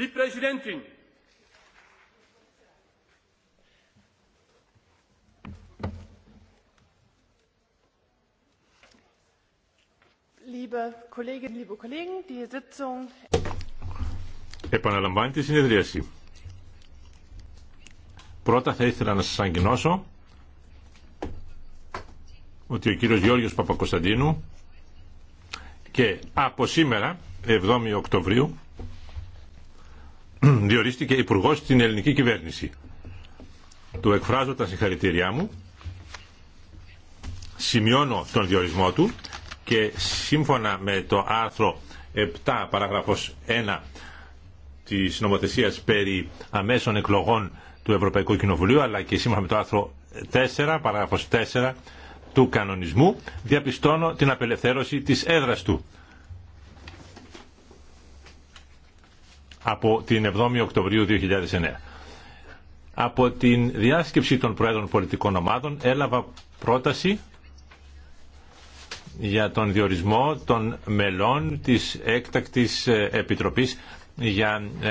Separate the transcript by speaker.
Speaker 1: Die Präsidentin!
Speaker 2: Liebe Kolleginnen, liebe Kollegen, die Sitzung.
Speaker 1: Επαναλαμβάνεται η συνεδρίαση. Πρώτα θα ήθελα να σας ανακοινώσω ότι ο κύριος Γιώργος Παπακοσταντίνου και από σήμερα, 7η Οκτωβρίου, διορίστηκε υπουργό στην ελληνική κυβέρνηση. Του εκφράζω τα συγχαρητήριά μου, σημειώνω τον διορισμό του και σύμφωνα με το άρθρο 7 παράγραφος 1 της νομοθεσίας περί αμέσων εκλογών του Ευρωπαϊκού Κοινοβουλίου αλλά και σύμφωνα με το άρθρο 4 παράγραφος 4 του κανονισμού διαπιστώνω την απελευθέρωση της έδρας του από την 7η Οκτωβρίου 2009. Από τη διάσκεψη των Προέδρων Πολιτικών Ομάδων έλαβα πρόταση για τον διορισμό των μελών της έκτακτης ε, επιτροπής για ε,